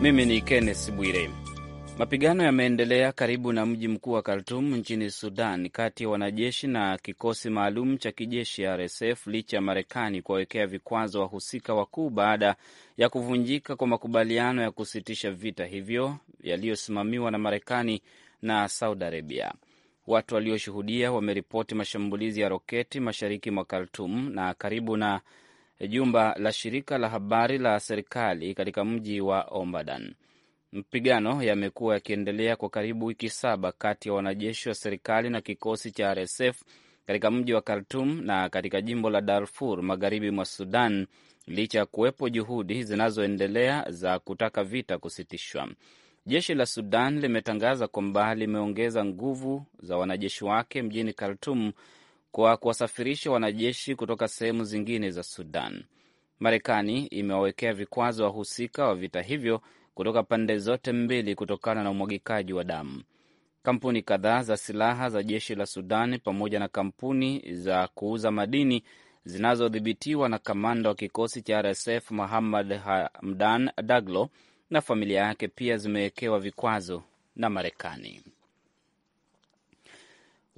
Mimi ni Kenneth Bwire. Mapigano yameendelea karibu na mji mkuu wa Khartum nchini Sudan, kati ya wanajeshi na kikosi maalum cha kijeshi RSF licha ya Marekani kuwawekea vikwazo wahusika wakuu baada ya kuvunjika kwa makubaliano ya kusitisha vita hivyo yaliyosimamiwa na Marekani na Saudi Arabia. Watu walioshuhudia wameripoti mashambulizi ya roketi mashariki mwa Khartum na karibu na jumba la shirika la habari la serikali katika mji wa Omadan. Mapigano yamekuwa yakiendelea kwa karibu wiki saba kati ya wanajeshi wa serikali na kikosi cha RSF katika mji wa Khartum na katika jimbo la Darfur magharibi mwa Sudan, licha ya kuwepo juhudi zinazoendelea za kutaka vita kusitishwa. Jeshi la Sudan limetangaza kwamba limeongeza nguvu za wanajeshi wake mjini Khartum kwa kuwasafirisha wanajeshi kutoka sehemu zingine za Sudan. Marekani imewawekea vikwazo wahusika wa vita hivyo kutoka pande zote mbili kutokana na umwagikaji wa damu. Kampuni kadhaa za silaha za jeshi la Sudan pamoja na kampuni za kuuza madini zinazodhibitiwa na kamanda wa kikosi cha RSF Muhammad Hamdan Daglo na familia yake pia zimewekewa vikwazo na Marekani.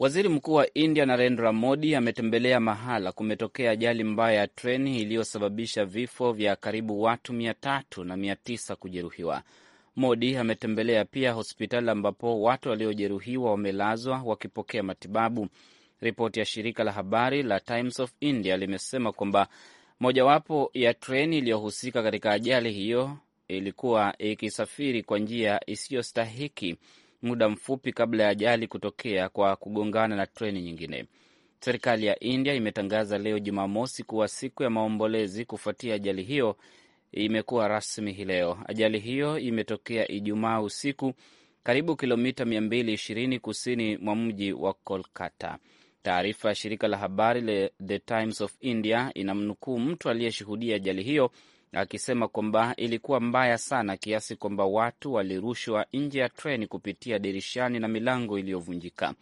Waziri Mkuu wa India Narendra Modi ametembelea mahala kumetokea ajali mbaya ya treni iliyosababisha vifo vya karibu watu mia tatu na mia tisa kujeruhiwa. Modi ametembelea pia hospitali ambapo watu waliojeruhiwa wamelazwa wakipokea matibabu. Ripoti ya shirika la habari la Times of India limesema kwamba mojawapo ya treni iliyohusika katika ajali hiyo ilikuwa ikisafiri kwa njia isiyostahiki muda mfupi kabla ya ajali kutokea kwa kugongana na treni nyingine. Serikali ya India imetangaza leo Jumamosi kuwa siku ya maombolezi kufuatia ajali hiyo imekuwa rasmi hii leo. Ajali hiyo imetokea Ijumaa usiku karibu kilomita 220 kusini mwa mji wa Kolkata. Taarifa ya shirika la habari The Times of India inamnukuu mtu aliyeshuhudia ajali hiyo akisema kwamba ilikuwa mbaya sana kiasi kwamba watu walirushwa nje ya treni kupitia dirishani na milango iliyovunjika.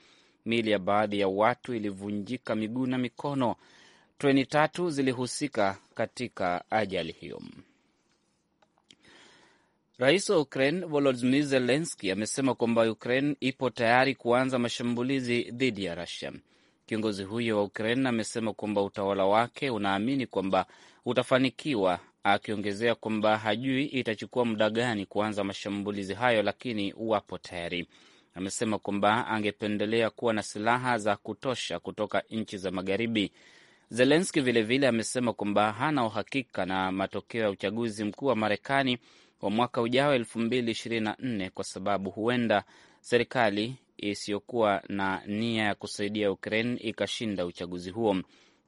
Miili ya baadhi ya watu ilivunjika miguu na mikono. Treni tatu zilihusika katika ajali hiyo. Rais wa Ukraine Volodymyr zelenski amesema kwamba Ukraine ipo tayari kuanza mashambulizi dhidi ya rasia Kiongozi huyo wa Ukraine amesema kwamba utawala wake unaamini kwamba utafanikiwa akiongezea kwamba hajui itachukua muda gani kuanza mashambulizi hayo, lakini wapo tayari. Amesema kwamba angependelea kuwa na silaha za kutosha kutoka nchi za magharibi. Zelenski vilevile amesema kwamba hana uhakika na matokeo ya uchaguzi mkuu wa Marekani wa mwaka ujao 2024 kwa sababu huenda serikali isiyokuwa na nia ya kusaidia Ukraine ikashinda uchaguzi huo.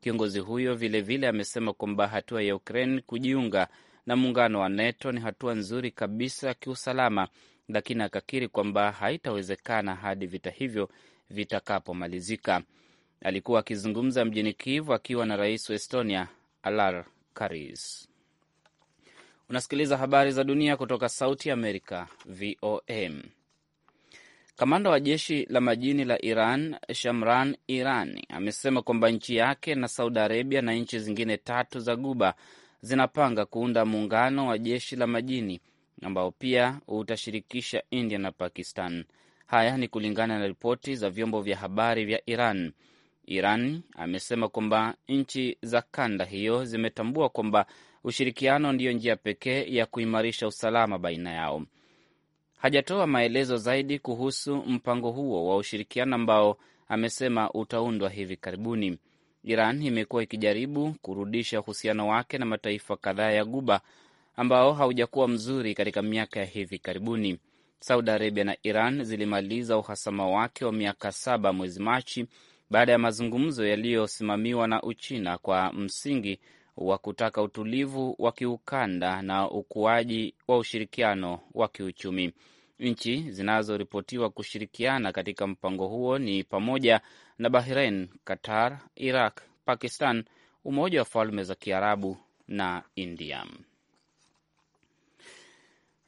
Kiongozi huyo vilevile vile amesema kwamba hatua ya Ukraine kujiunga na muungano wa NATO ni hatua nzuri kabisa kiusalama, lakini akakiri kwamba haitawezekana hadi vita hivyo vitakapomalizika. Alikuwa akizungumza mjini Kiev akiwa na rais wa Estonia Alar Karis. Unasikiliza habari za dunia kutoka Sauti Amerika, VOA. Kamanda wa jeshi la majini la Iran, Shamran Irani, amesema kwamba nchi yake na Saudi Arabia na nchi zingine tatu za Guba zinapanga kuunda muungano wa jeshi la majini ambao pia utashirikisha India na Pakistan. Haya ni kulingana na ripoti za vyombo vya habari vya Iran. Iran amesema kwamba nchi za kanda hiyo zimetambua kwamba ushirikiano ndiyo njia pekee ya kuimarisha usalama baina yao hajatoa maelezo zaidi kuhusu mpango huo wa ushirikiano ambao amesema utaundwa hivi karibuni. Iran imekuwa ikijaribu kurudisha uhusiano wake na mataifa kadhaa ya Guba ambao haujakuwa mzuri katika miaka ya hivi karibuni. Saudi Arabia na Iran zilimaliza uhasama wake wa miaka saba mwezi Machi baada ya mazungumzo yaliyosimamiwa na Uchina kwa msingi wa kutaka utulivu wa kiukanda na ukuaji wa ushirikiano wa kiuchumi. Nchi zinazoripotiwa kushirikiana katika mpango huo ni pamoja na Bahrain, Qatar, Iraq, Pakistan, Umoja wa Falme za Kiarabu na India.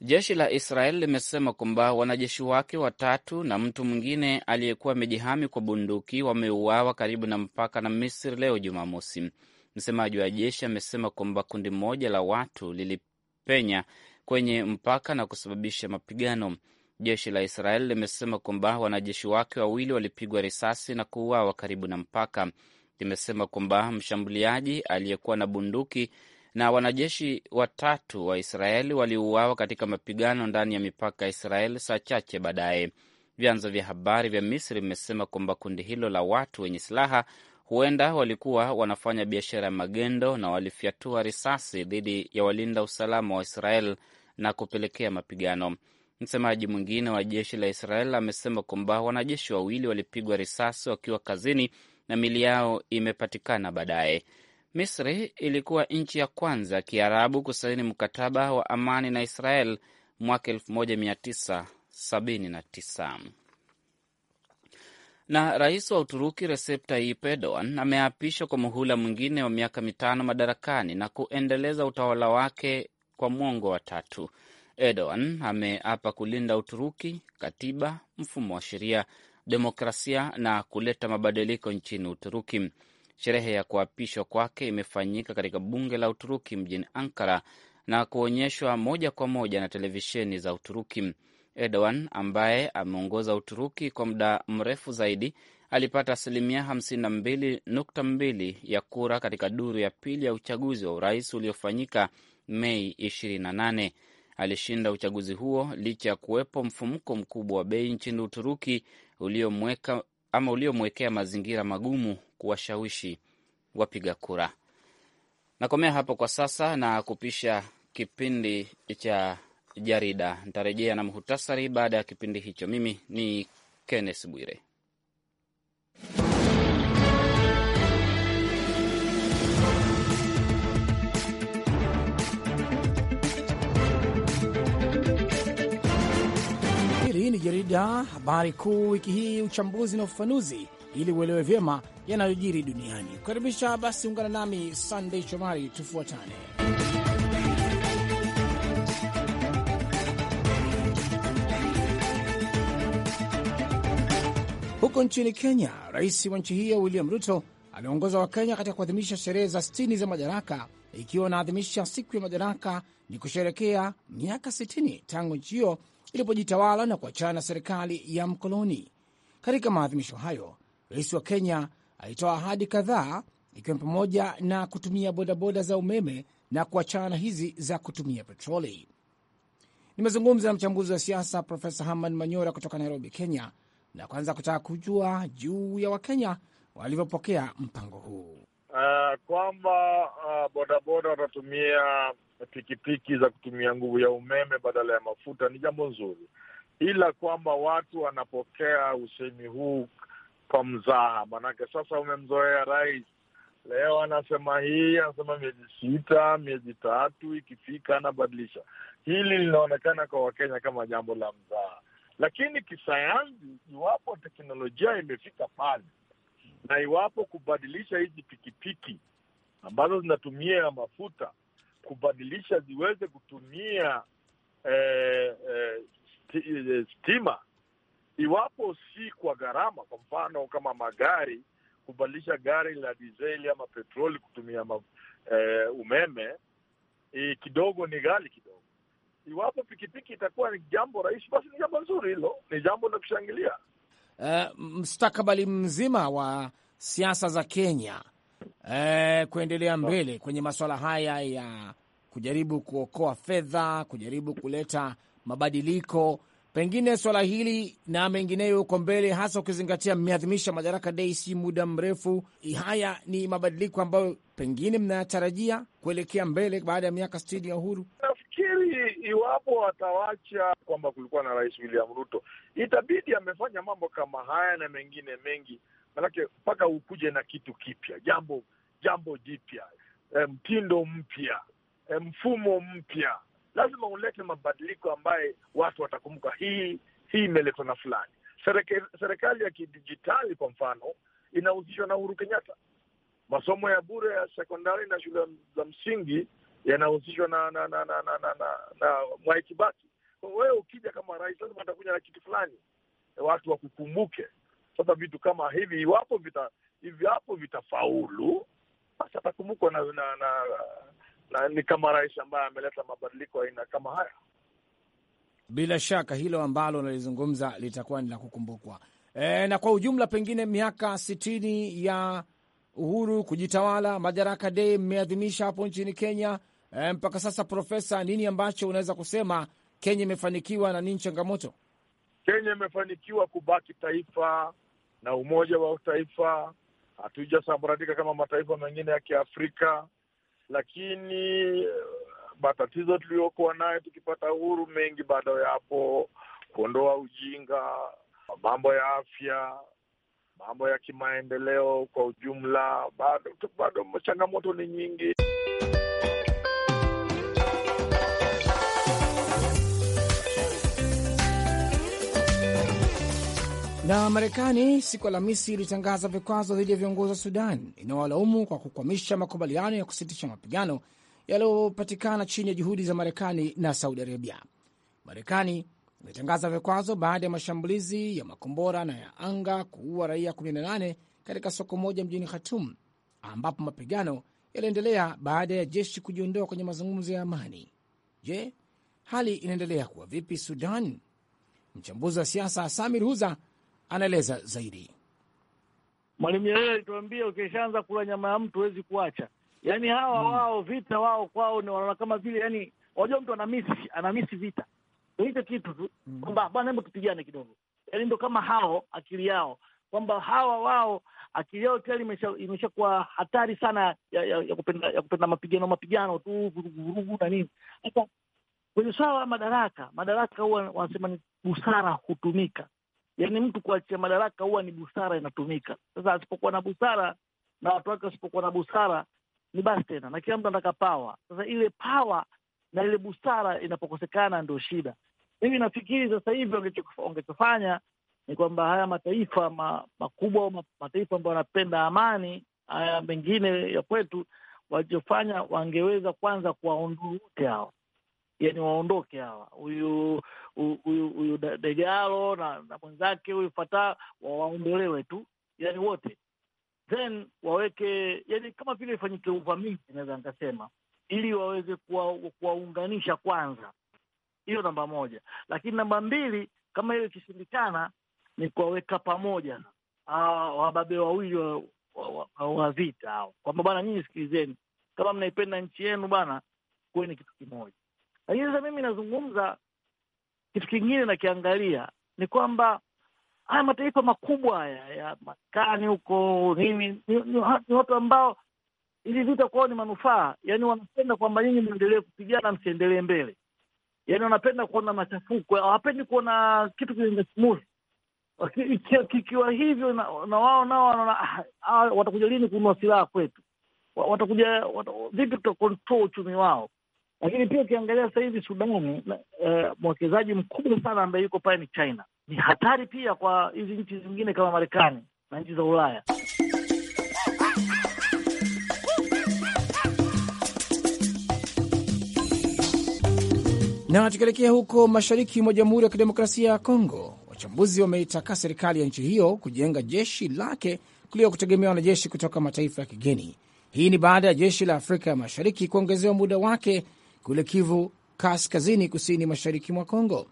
Jeshi la Israel limesema kwamba wanajeshi wake watatu na mtu mwingine aliyekuwa amejihami kwa bunduki wameuawa karibu na mpaka na Misri leo Jumamosi. Msemaji wa jeshi amesema kwamba kundi moja la watu lilipenya kwenye mpaka na kusababisha mapigano. Jeshi la Israel limesema kwamba wanajeshi wake wawili walipigwa risasi na kuuawa karibu na mpaka. Limesema kwamba mshambuliaji aliyekuwa na bunduki na wanajeshi watatu wa Israeli waliuawa katika mapigano ndani ya mipaka ya Israel saa chache baadaye. Vyanzo vya habari vya Misri vimesema kwamba kundi hilo la watu wenye silaha Huenda walikuwa wanafanya biashara ya magendo na walifyatua risasi dhidi ya walinda usalama wa Israel na kupelekea mapigano. Msemaji mwingine wa jeshi la Israel amesema kwamba wanajeshi wawili walipigwa risasi wakiwa kazini na mili yao imepatikana baadaye. Misri ilikuwa nchi ya kwanza ya Kiarabu kusaini mkataba wa amani na Israel mwaka 1979 na rais wa Uturuki Recep Tayyip Erdogan ameapishwa kwa muhula mwingine wa miaka mitano madarakani na kuendeleza utawala wake kwa mwongo wa tatu. Erdogan ameapa kulinda Uturuki, katiba, mfumo wa sheria, demokrasia na kuleta mabadiliko nchini Uturuki. Sherehe ya kuapishwa kwake imefanyika katika bunge la Uturuki mjini Ankara na kuonyeshwa moja kwa moja na televisheni za Uturuki. Erdogan ambaye ameongoza Uturuki kwa muda mrefu zaidi alipata asilimia 52.2 ya kura katika duru ya pili ya uchaguzi wa urais uliofanyika Mei 28. Alishinda uchaguzi huo licha ya kuwepo mfumuko mkubwa wa bei nchini Uturuki uliomweka ama uliomwekea mazingira magumu kuwashawishi wapiga kura. Nakomea hapo kwa sasa na kupisha kipindi cha jarida. Nitarejea na muhtasari baada ya kipindi hicho. Mimi ni Kenneth Bwire. ni jarida, habari kuu wiki hii, uchambuzi na ufafanuzi, ili uelewe vyema yanayojiri duniani. Kukaribisha basi, ungana nami sandei Shomari, tufuatane. Huko nchini Kenya, rais wa nchi hiyo William Ruto aliongoza Wakenya katika kuadhimisha sherehe za 60 za madaraka, ikiwa wanaadhimisha siku ya madaraka ni kusherekea miaka 60 tangu nchi hiyo ilipojitawala na kuachana na serikali ya mkoloni. Katika maadhimisho hayo, rais wa Kenya alitoa ahadi kadhaa, ikiwa ni pamoja na kutumia bodaboda za umeme na kuachana hizi za kutumia petroli. Nimezungumza na mchambuzi wa siasa Profesa Haman Manyora kutoka Nairobi, Kenya, na kwanza kutaka kujua juu ya Wakenya walivyopokea mpango huu uh, kwamba uh, bodaboda watatumia pikipiki za kutumia nguvu ya umeme badala ya mafuta ni jambo nzuri, ila kwamba watu wanapokea usemi huu kwa mzaha, manake sasa umemzoea rais. Leo anasema hii, anasema miezi sita, miezi tatu, ikifika anabadilisha. Hili linaonekana kwa Wakenya kama jambo la mzaha. Lakini kisayansi, iwapo teknolojia imefika pale na iwapo kubadilisha hizi pikipiki ambazo zinatumia mafuta kubadilisha ziweze kutumia eh, eh, eh stima iwapo si kwa gharama, kwa mfano kama magari, kubadilisha gari la dizeli ama petroli kutumia ma, eh, umeme eh, kidogo ni ghali kidogo Iwapo pikipiki itakuwa ni jambo rahisi, basi ni jambo nzuri, hilo ni jambo la kushangilia. Uh, mstakabali mzima wa siasa za Kenya uh, kuendelea ah. mbele kwenye masuala haya ya kujaribu kuokoa fedha, kujaribu kuleta mabadiliko, pengine swala hili na mengineyo huko mbele, hasa ukizingatia mmeadhimisha Madaraka Day si muda mrefu. Haya ni mabadiliko ambayo pengine mnayatarajia kuelekea mbele baada ya miaka sitini ya uhuru. Eh, iwapo watawacha kwamba kulikuwa na Rais William Ruto, itabidi amefanya mambo kama haya na mengine mengi, manake mpaka ukuje na kitu kipya, jambo jambo jipya, e, mtindo mpya, e, mfumo mpya, lazima ulete mabadiliko ambaye watu watakumbuka, hii hii imeletwa na fulani. Serikali ya kidijitali kwa mfano inahusishwa na Uhuru Kenyatta, masomo ya bure ya sekondari na shule za msingi yanahusishwa na na na na, na, na, na Mwai Kibaki. Wewe ukija kama rais, lazima atakuja na kitu fulani watu wakukumbuke. Sasa vitu kama hivi iwapo vita iwapo vitafaulu, basi atakumbukwa na, na, na, na ni kama rais ambaye ameleta mabadiliko aina kama haya. Bila shaka hilo ambalo nalizungumza litakuwa ni la kukumbukwa. E, na kwa ujumla pengine miaka sitini ya uhuru kujitawala madaraka de mmeadhimisha hapo nchini Kenya. E, mpaka sasa, Profesa, nini ambacho unaweza kusema Kenya imefanikiwa na nini changamoto? Kenya imefanikiwa kubaki taifa na umoja wa taifa, hatujasambaratika kama mataifa mengine ya Kiafrika, lakini eh, matatizo tuliyokuwa nayo tukipata uhuru mengi bado yapo, kuondoa ujinga, mambo ya afya, mambo ya kimaendeleo kwa ujumla, bado bado changamoto ni nyingi. Na Marekani siku Alhamisi ilitangaza vikwazo dhidi ya viongozi wa Sudan inayowalaumu kwa kukwamisha makubaliano ya kusitisha mapigano yaliyopatikana chini ya juhudi za Marekani na Saudi Arabia. Marekani imetangaza vikwazo baada ya mashambulizi ya makombora na ya anga kuua raia 18 katika soko moja mjini Khartoum, ambapo mapigano yaliendelea baada ya jeshi kujiondoa kwenye mazungumzo ya amani. Je, hali inaendelea kuwa vipi Sudan? Mchambuzi wa siasa Samir Huza anaeleza zaidi. Mwalimu Nyerere alituambia ukishaanza kula nyama ya mtu huwezi kuacha. Yaani hawa mm, wao vita wao kwao ni wanaona kama vile, yani wajua mtu anamisi anamisi vita hicho kitu tu mm, kwamba bwana, hebu tupigane kidogo. Yaani ndo kama hao akili yao kwamba hawa wao akili yao tayari imeshakuwa hatari sana ya, ya, ya kupenda ya kupenda mapigano mapigano tu vurugu vurugu na nini. Sasa kwenye swala la madaraka, madaraka huwa wanasema ni busara hutumika yani mtu kuachia madaraka huwa ni busara inatumika. Sasa asipokuwa na busara na watu wake wasipokuwa na busara ni basi tena, na kila mtu anataka pawa. Sasa ile pawa na ile busara inapokosekana ndio shida. Mimi nafikiri sasa hivi wangechofanya ni kwamba haya mataifa ma, makubwa mataifa ambayo wanapenda amani, haya mengine ya kwetu walichofanya, wangeweza kwanza kuwaondoa wote hao yani waondoke hawa, huyu huyu Degalo na na mwenzake huyu Fata waondolewe tu, yani wote, then waweke yani kama vile ifanyike uvamizi, naweza nikasema, ili waweze kuwaunganisha kuwa kwanza. Hiyo namba moja, lakini namba mbili, kama hiyo ikishindikana, ni kuwaweka pamoja wababe wawili wa, wa, wa, wa, wa vita hao, kwamba bwana, nyinyi sikilizeni, kama mnaipenda nchi yenu bana, ni kitu kimoja lakini sasa mimi nazungumza kitu kingine, nakiangalia ni kwamba haya mataifa makubwa haya ya Marekani huko nini, ni, ni, ni watu ambao ili vita kwao ni manufaa, yani wanapenda kwamba nyinyi mwendelee kupigana, msiendelee mbele. yani wanapenda kuona machafuko, hawapendi kuona kitu kinaenda smooth. Kikiwa hivyo na, na wao nao wanaona ah, ah, watakuja lini kununua silaha kwetu, watakuja vipi, tuta control uchumi wao lakini pia ukiangalia sasa hivi Sudani, uh, mwekezaji mkubwa sana ambaye yuko pale ni China. Ni hatari pia kwa hizi nchi zingine kama Marekani na nchi za Ulaya. Na tukielekea huko mashariki mwa Jamhuri ya Kidemokrasia ya Kongo, wachambuzi wameitaka serikali ya nchi hiyo kujenga jeshi lake kuliko kutegemea wanajeshi kutoka mataifa ya kigeni. Hii ni baada ya jeshi la Afrika ya Mashariki kuongezewa muda wake kule Kivu Kaskazini, kusini mashariki mwa Kongo.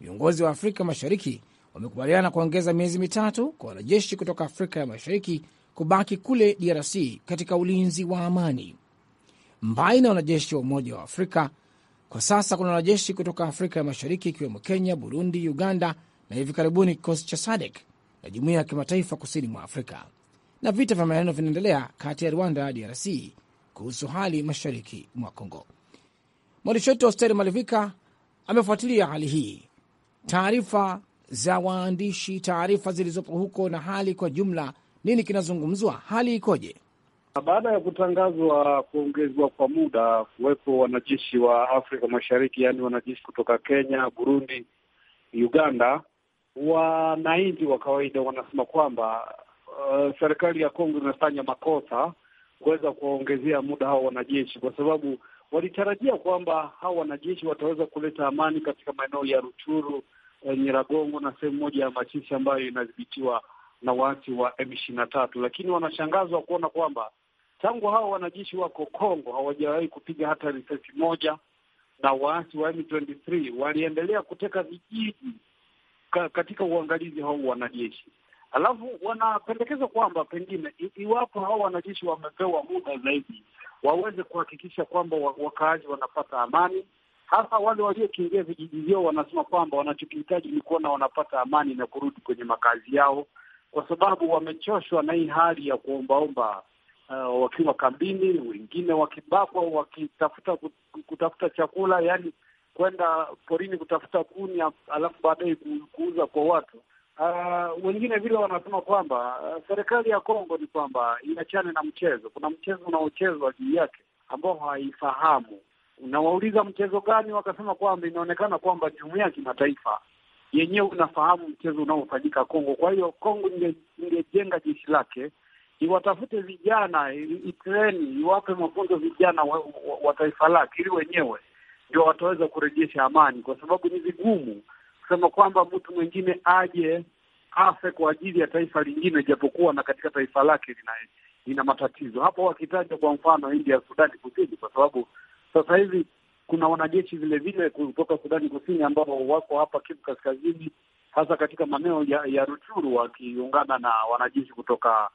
Viongozi wa Afrika Mashariki wamekubaliana kuongeza miezi mitatu kwa wanajeshi kutoka Afrika ya Mashariki kubaki kule DRC katika ulinzi wa amani. Mbali na wanajeshi wa Umoja wa Afrika, kwa sasa kuna wanajeshi kutoka Afrika ya Mashariki ikiwemo Kenya, Burundi, Uganda na hivi karibuni kikosi cha SADEK na jumuiya ya kimataifa kusini mwa Afrika. Na vita vya maneno vinaendelea kati ya Rwanda na DRC kuhusu hali mashariki mwa Kongo. Mwandishi wetu Hosteri Malivika amefuatilia hali hii, taarifa za waandishi, taarifa zilizopo huko na hali kwa jumla. Nini kinazungumzwa? Hali ikoje? Baada ya kutangazwa kuongezwa kwa muda kuwepo wanajeshi wa Afrika Mashariki, yaani wanajeshi kutoka Kenya, Burundi, Uganda, wananchi wa kawaida wanasema kwamba uh, serikali ya Kongo inafanya makosa kuweza kuwaongezea muda hao wanajeshi, kwa sababu walitarajia kwamba hawa wanajeshi wataweza kuleta amani katika maeneo ya Ruchuru, eh, Nyiragongo na sehemu moja ya Machisi ambayo inadhibitiwa na waasi wa M ishirini na tatu, lakini wanashangazwa kuona kwamba tangu hawa wanajeshi wako Kongo hawajawahi kupiga hata risasi moja, na waasi wa M23 waliendelea kuteka vijiji ka, katika uangalizi hao wanajeshi. Alafu wanapendekeza kwamba pengine iwapo hao wanajeshi wamepewa muda zaidi waweze kuhakikisha kwamba wakaaji wanapata amani, hasa wale waliokiingia vijiji vyao. Wanasema kwamba wanachokihitaji ni kuona wanapata amani na kurudi kwenye makazi yao, kwa sababu wamechoshwa na hii hali ya kuombaomba uh, wakiwa kambini, wengine wakibakwa, wakitafuta kutafuta chakula, yani kwenda porini kutafuta kuni, alafu baadaye kuuza kwa watu. Uh, wengine vile wanasema kwamba uh, serikali ya Kongo ni kwamba iachane na mchezo. Kuna mchezo unaochezwa juu yake ambao haifahamu Unawauliza mchezo gani, wakasema kwamba inaonekana kwamba jumuiya ya kimataifa yenyewe unafahamu mchezo unaofanyika Kongo. Kwa hiyo Kongo ingejenga jeshi lake, iwatafute vijana, itreni, iwape mafunzo vijana wa, wa, wa taifa lake, ili wenyewe ndio wataweza kurejesha amani, kwa sababu ni vigumu kusema kwamba mtu mwingine aje afe kwa ajili ya taifa lingine, japokuwa na katika taifa lake lina ina matatizo hapo, wakitaja kwa mfano India ya Sudani Kusini, kwa sababu sasa hivi kuna wanajeshi vile vile kutoka Sudani Kusini ambao wako hapa Kivu Kaskazini, hasa katika maeneo ya, ya Ruchuru wakiungana na wanajeshi kutoka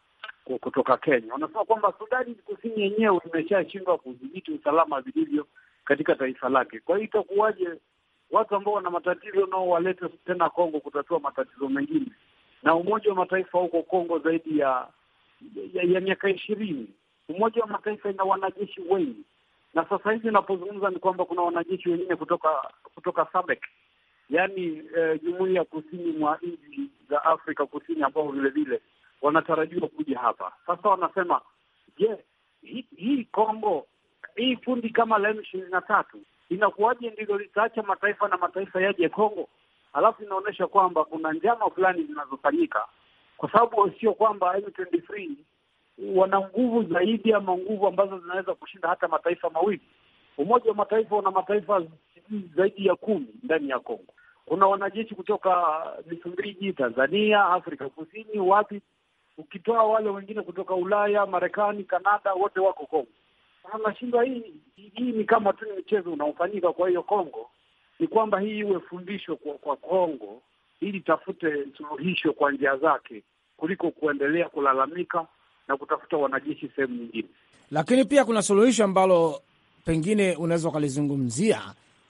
kutoka Kenya. Wanasema kwamba Sudani Kusini yenyewe imeshashindwa kudhibiti usalama vilivyo katika taifa lake. Kwa hiyo itakuwaje watu ambao wana matatizo nao walete tena Kongo kutatua matatizo mengine, na Umoja wa Mataifa huko Kongo zaidi ya ya, ya miaka ishirini. Umoja wa Mataifa ina wanajeshi wengi, na sasa hivi unapozungumza ni kwamba kuna wanajeshi wengine kutoka kutoka SADC, yaani eh, jumuiya eh, kusini mwa nchi za Afrika Kusini ambao vile vile wanatarajiwa kuja hapa. Sasa wanasema je, hii hi Kongo hii kundi kama la M ishirini na tatu Inakuwaje ndilo litaacha mataifa na mataifa yaje Kongo? Alafu inaonyesha kwamba kuna njama fulani zinazofanyika, kwa sababu sio kwamba M23 wana nguvu zaidi ama nguvu ambazo zinaweza kushinda hata mataifa mawili. Umoja wa Mataifa una mataifa zaidi ya kumi ndani ya Kongo. Kuna wanajeshi kutoka Msumbiji, Tanzania, Afrika Kusini, wapi, ukitoa wale wengine kutoka Ulaya, Marekani, Kanada, wote wako Kongo anashindwa. Ah, hii hii ni kama tu ni mchezo unaofanyika. Kwa hiyo Kongo ni kwamba hii iwe fundisho kwa, kwa Kongo ili tafute suluhisho kwa njia zake kuliko kuendelea kulalamika na kutafuta wanajeshi sehemu nyingine. Lakini pia kuna suluhisho ambalo pengine unaweza ukalizungumzia.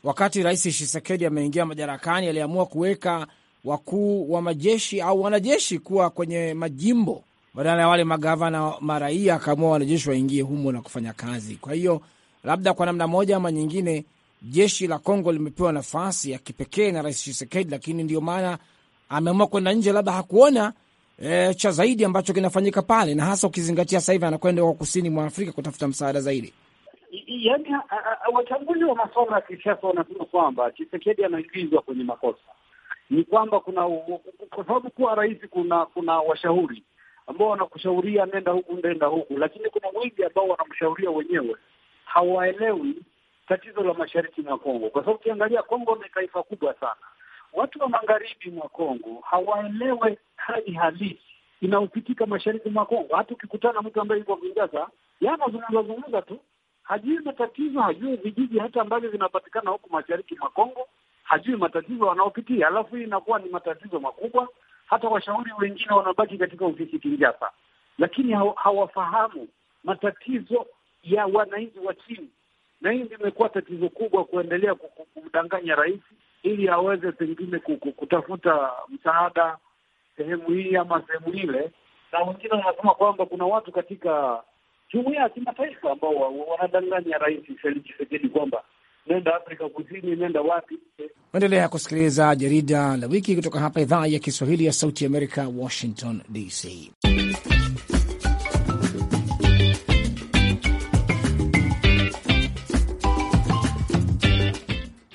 Wakati Rais Tshisekedi ameingia madarakani, aliamua kuweka wakuu wa majeshi au wanajeshi kuwa kwenye majimbo badala ya wale magavana maraia akaamua wanajeshi waingie humo na kufanya kazi. Kwa hiyo labda kwa namna moja ama nyingine, jeshi la Kongo limepewa nafasi ya kipekee na Rais Tshisekedi, lakini ndio maana ameamua kwenda nje, labda hakuona e, cha zaidi ambacho kinafanyika pale, na hasa ukizingatia sasa hivi anakwenda kwa kusini mwa Afrika kutafuta msaada zaidi. Yaani, wachambuzi wa masuala ya kisiasa wanasema kwamba Tshisekedi anaingizwa kwenye makosa, ni kwamba kuna kwa sababu kuwa rais kuna kuna washauri ambao wanakushauria nenda huku ndenda huku, lakini kuna wengi ambao wanamshauria wenyewe, hawaelewi tatizo la mashariki mwa Kongo, kwa sababu ukiangalia Kongo ni taifa kubwa sana. Watu wa magharibi mwa Kongo hawaelewe hali halisi inayopitika mashariki mwa Kongo. Hata ukikutana mtu ambaye yuko Kinshasa, yeye anazungumzazungumza tu, hajui matatizo, hajui vijiji hata ambavyo vinapatikana huku mashariki mwa Kongo, hajui matatizo wanaopitia, alafu hii inakuwa ni matatizo makubwa hata washauri wengine wanabaki katika ofisi Kinjasa, lakini hawafahamu matatizo ya wananchi wa chini, na hii ndio imekuwa tatizo kubwa, kuendelea kumdanganya rais ili aweze pengine kutafuta msaada sehemu hii ama sehemu ile. Na wengine wanasema kwamba kuna watu katika jumuia ya kimataifa ambao wanadanganya rais Felix Tshisekedi kwamba nenda Afrika Kusini, nenda wapi. Endelea kusikiliza jarida la wiki kutoka hapa idhaa ya Kiswahili ya Sauti Amerika, Washington DC.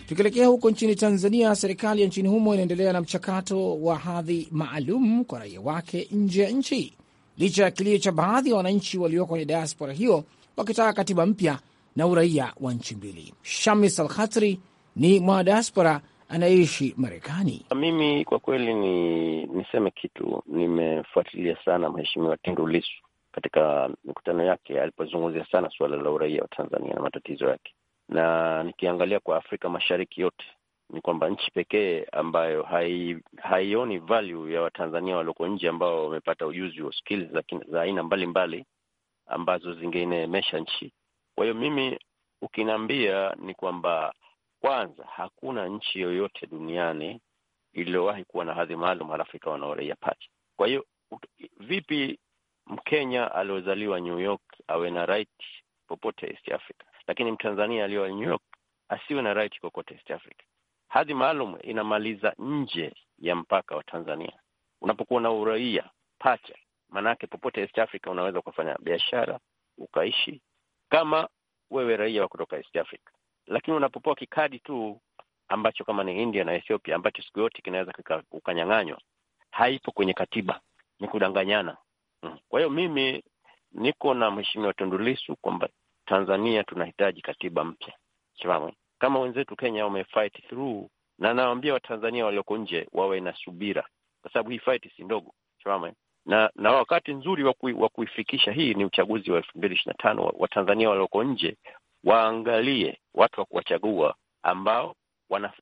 Tukielekea huko nchini Tanzania, serikali ya nchini humo inaendelea na mchakato wa hadhi maalum kwa raia wake nje ya nchi, licha ya kilio cha baadhi ya wananchi walioko kwenye diaspora hiyo wakitaka katiba mpya na uraia wa nchi mbili. Shamis Al Khatri ni mwanadiaspora anayeishi Marekani. Mimi kwa kweli ni niseme kitu, nimefuatilia sana Mheshimiwa Tundu Lissu katika mikutano yake alipozungumzia sana suala la uraia wa Tanzania na matatizo yake, na nikiangalia kwa Afrika Mashariki yote ni kwamba nchi pekee ambayo hai, haioni value ya Watanzania walioko nje ambao wamepata ujuzi wa skills za aina mbalimbali ambazo zingenemesha nchi kwa hiyo mimi ukiniambia ni kwamba kwanza, hakuna nchi yoyote duniani iliyowahi kuwa na hadhi maalum halafu ikawa na uraia pacha. Kwa hiyo vipi Mkenya aliozaliwa New York awe na right popote East Africa, lakini Mtanzania aliyo New York asiwe na right kokote East Africa? Hadhi maalum inamaliza nje ya mpaka wa Tanzania. Unapokuwa na uraia pacha, maanake popote East Africa unaweza ukafanya biashara, ukaishi, kama wewe raia wa kutoka East Africa, lakini unapopewa kikadi tu ambacho kama ni India na Ethiopia ambacho siku yote kinaweza kukanyang'anywa haipo kwenye katiba, ni kudanganyana. Mm. Kwa hiyo mimi niko na mheshimiwa Tundu Lissu kwamba Tanzania tunahitaji katiba mpya simama, kama wenzetu Kenya wamefight through, na nawaambia Watanzania walioko nje wawe na subira, kwa sababu hii fight si ndogo simama na na wakati nzuri wa waku, kuifikisha hii ni uchaguzi wa elfu mbili ishirini na tano. Watanzania walioko nje waangalie watu wa kuwachagua ambao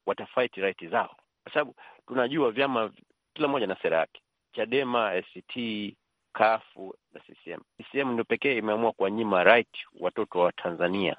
watafight right zao, kwa sababu tunajua vyama kila moja na sera yake. Chadema, ACT, Kafu na CCM. CCM ndio pekee imeamua kuwanyima right watoto wa Tanzania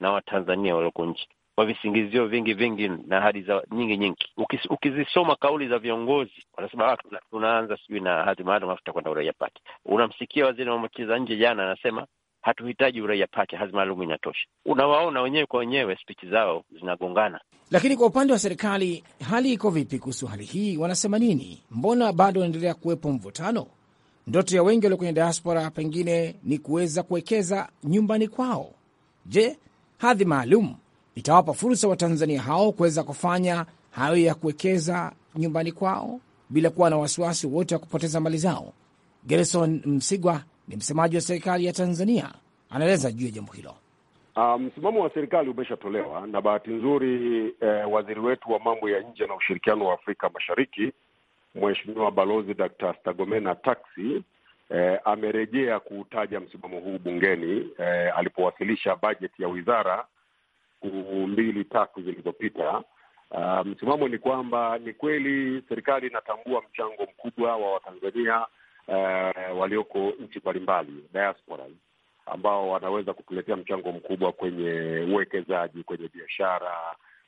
na Watanzania walioko nje kwa visingizio vingi vingi na ahadi za nyingi nyingi. Ukizisoma kauli za viongozi wanasema ah, tuna, tunaanza sijui na hadhi maalum afu kwenda uraia pati. Unamsikia waziri wa mchi za nje jana anasema hatuhitaji uraia pati, hadhi maalum inatosha. Unawaona wenyewe kwa wenyewe, spichi zao zinagongana. Lakini kwa upande wa serikali hali iko vipi kuhusu hali hii? Wanasema nini? Mbona bado wanaendelea kuwepo mvutano? Ndoto ya wengi walio kwenye diaspora pengine ni kuweza kuwekeza nyumbani kwao. Je, hadhi maalum itawapa fursa Watanzania hao kuweza kufanya hayo ya kuwekeza nyumbani kwao bila kuwa na wasiwasi wote wa kupoteza mali zao. Gerson Msigwa ni msemaji wa serikali ya Tanzania, anaeleza juu ya jambo hilo. Ah, msimamo um, wa serikali umeshatolewa na bahati nzuri eh, waziri wetu wa mambo ya nje na ushirikiano wa Afrika Mashariki Mheshimiwa Balozi d Stagomena Taxi eh, amerejea kuutaja msimamo huu bungeni eh, alipowasilisha bajeti ya wizara siku mbili tatu zilizopita. Msimamo ah, msimamo ni kwamba ni kweli serikali inatambua mchango mkubwa wa Watanzania uh, walioko nchi mbalimbali diaspora, ambao wanaweza kutuletea mchango mkubwa kwenye uwekezaji, kwenye biashara,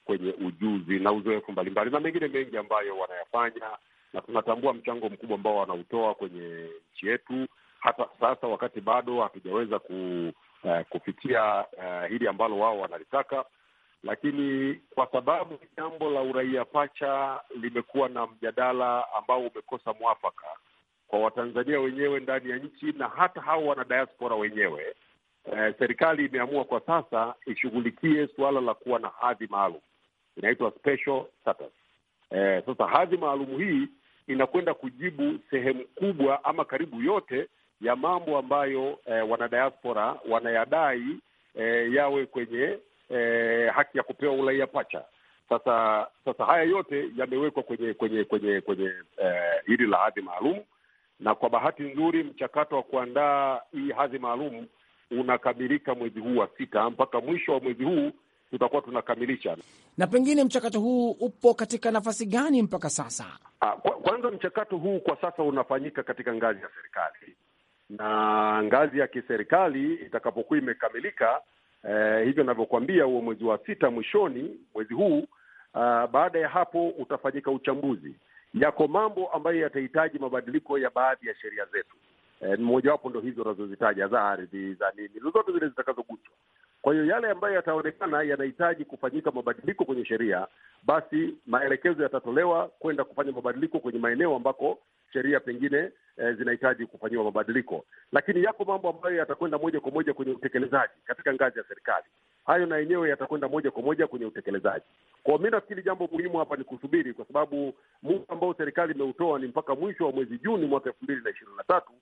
kwenye ujuzi na uzoefu mbalimbali na mengine mengi ambayo wanayafanya, na tunatambua mchango mkubwa ambao wanautoa kwenye nchi yetu, hata sasa wakati bado hatujaweza ku uh, kupitia uh, hili ambalo wao wanalitaka, lakini kwa sababu jambo la uraia pacha limekuwa na mjadala ambao umekosa mwafaka kwa Watanzania wenyewe ndani ya nchi na hata hao wana diaspora wenyewe, eh, serikali imeamua kwa sasa ishughulikie suala la kuwa na hadhi maalum inaitwa special status. Eh, sasa hadhi maalumu hii inakwenda kujibu sehemu kubwa ama karibu yote ya mambo ambayo eh, wanadiaspora wanayadai eh, yawe kwenye eh, haki ya kupewa uraia pacha. Sasa sasa haya yote yamewekwa kwenye kwenye kwenye kwenye eh, hili la hadhi maalum, na kwa bahati nzuri mchakato wa kuandaa hii hadhi maalum unakamilika mwezi huu wa sita. Mpaka mwisho wa mwezi huu tutakuwa tunakamilisha. Na pengine mchakato huu upo katika nafasi gani mpaka sasa? Ah, kwanza mchakato huu kwa sasa unafanyika katika ngazi ya serikali na ngazi ya kiserikali itakapokuwa imekamilika, eh, hivyo ninavyokuambia, huo mwezi wa sita mwishoni, mwezi huu Uh, baada ya hapo utafanyika uchambuzi. Yako mambo ambayo yatahitaji mabadiliko ya baadhi ya sheria zetu, mmojawapo eh, e, ndo hizo unazozitaja za ardhi za nini, zote zile zitakazoguswa. Kwa hiyo yale ambayo yataonekana yanahitaji kufanyika mabadiliko kwenye sheria, basi maelekezo yatatolewa kwenda kufanya mabadiliko kwenye maeneo ambako sheria pengine eh, zinahitaji kufanyiwa mabadiliko, lakini yako mambo ambayo yatakwenda moja kwa moja kwenye utekelezaji katika ngazi ya serikali. Hayo na yenyewe yatakwenda moja kwa moja kwenye utekelezaji. Kwa mi nafikiri jambo muhimu hapa ni kusubiri, kwa sababu muda ambao serikali imeutoa ni mpaka mwisho wa mwezi Juni mwaka elfu mbili na ishirini na tatu.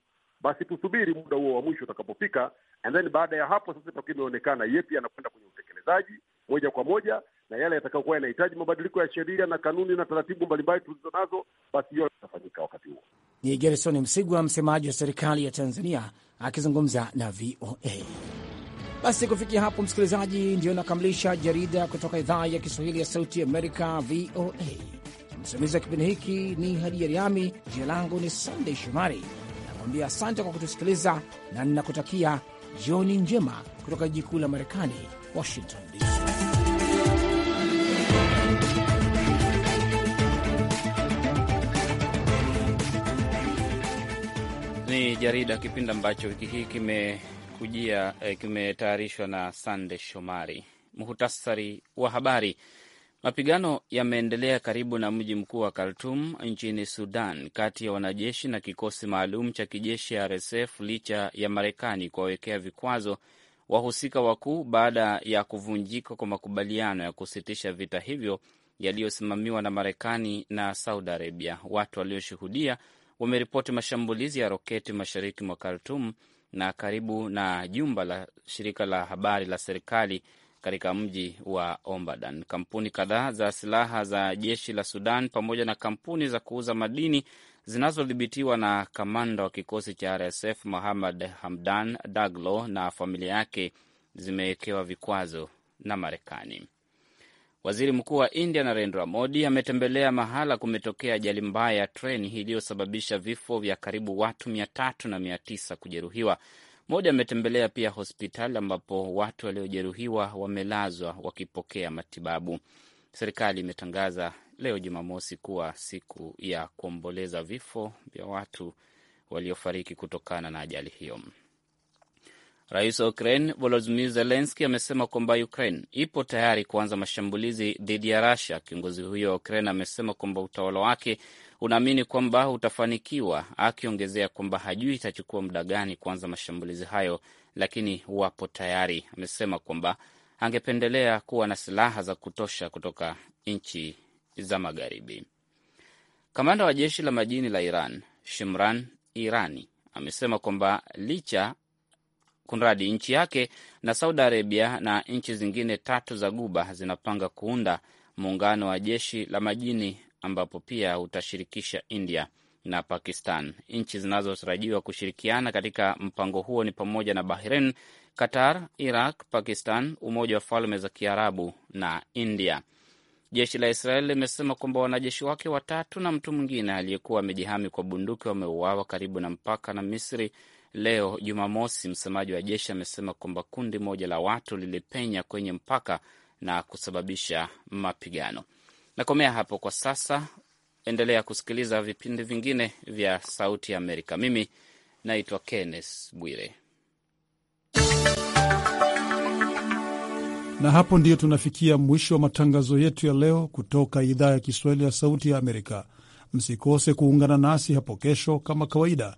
Basi tusubiri muda huo wa mwisho utakapofika, and then baada ya hapo sasa itakuwa imeonekana yepi anakwenda kwenye utekelezaji moja kwa moja na yale yatakayokuwa yanahitaji mabadiliko ya sheria na kanuni na taratibu mbalimbali tulizo nazo, basi yote yatafanyika wakati huo. Ni Gerson Msigwa, msemaji wa serikali ya Tanzania akizungumza na VOA. Basi kufikia hapo, msikilizaji, ndio nakamilisha jarida kutoka idhaa ya Kiswahili ya Sauti Amerika, VOA. Msimamizi wa kipindi hiki ni Hadi Yariami. jina langu ni Sandey Shomari. Nakuambia asante kwa kutusikiliza na ninakutakia jioni njema kutoka jiji kuu la Marekani, Washington DC. Ni jarida, kipindi ambacho wiki hii kimekujia, eh, kimetayarishwa na Sande Shomari. Muhtasari wa habari. Mapigano yameendelea karibu na mji mkuu wa Khartum nchini Sudan, kati ya wanajeshi na kikosi maalum cha kijeshi ya RSF licha ya Marekani kuwawekea vikwazo wahusika wakuu baada ya kuvunjika kwa makubaliano ya kusitisha vita hivyo yaliyosimamiwa na Marekani na Saudi Arabia. Watu walioshuhudia wameripoti mashambulizi ya roketi mashariki mwa Khartum na karibu na jumba la shirika la habari la serikali katika mji wa Omdurman. Kampuni kadhaa za silaha za jeshi la Sudan pamoja na kampuni za kuuza madini zinazodhibitiwa na kamanda wa kikosi cha RSF muhamad Hamdan Daglo na familia yake zimewekewa vikwazo na Marekani. Waziri Mkuu wa India Narendra Modi ametembelea mahala kumetokea ajali mbaya ya treni iliyosababisha vifo vya karibu watu mia tatu na mia tisa kujeruhiwa. Modi ametembelea pia hospitali ambapo watu waliojeruhiwa wamelazwa wakipokea matibabu. Serikali imetangaza leo Jumamosi kuwa siku ya kuomboleza vifo vya watu waliofariki kutokana na ajali hiyo. Rais wa Ukraine Volodymyr Zelenski amesema kwamba Ukraine ipo tayari kuanza mashambulizi dhidi ya Russia. Kiongozi huyo wa Ukraine amesema kwamba utawala wake unaamini kwamba utafanikiwa, akiongezea kwamba hajui itachukua muda gani kuanza mashambulizi hayo, lakini wapo tayari. Amesema kwamba angependelea kuwa na silaha za kutosha kutoka nchi za Magharibi. Kamanda wa jeshi la majini la Iran Shimran Irani amesema kwamba licha kunradi nchi yake na Saudi Arabia na nchi zingine tatu za Guba zinapanga kuunda muungano wa jeshi la majini ambapo pia utashirikisha India na Pakistan. Nchi zinazotarajiwa kushirikiana katika mpango huo ni pamoja na Bahrain, Qatar, Iraq, Pakistan, Umoja wa Falme za Kiarabu na India. Jeshi la Israeli limesema kwamba wanajeshi wake watatu na mtu mwingine aliyekuwa amejihami kwa bunduki wameuawa karibu na mpaka na Misri leo Jumamosi, msemaji wa jeshi amesema kwamba kundi moja la watu lilipenya kwenye mpaka na kusababisha mapigano. Nakomea hapo kwa sasa. Endelea kusikiliza vipindi vingine vya Sauti ya Amerika. Mimi naitwa Kennes Bwire. Na hapo ndiyo tunafikia mwisho wa matangazo yetu ya leo kutoka idhaa ya Kiswahili ya Sauti ya Amerika. Msikose kuungana nasi hapo kesho kama kawaida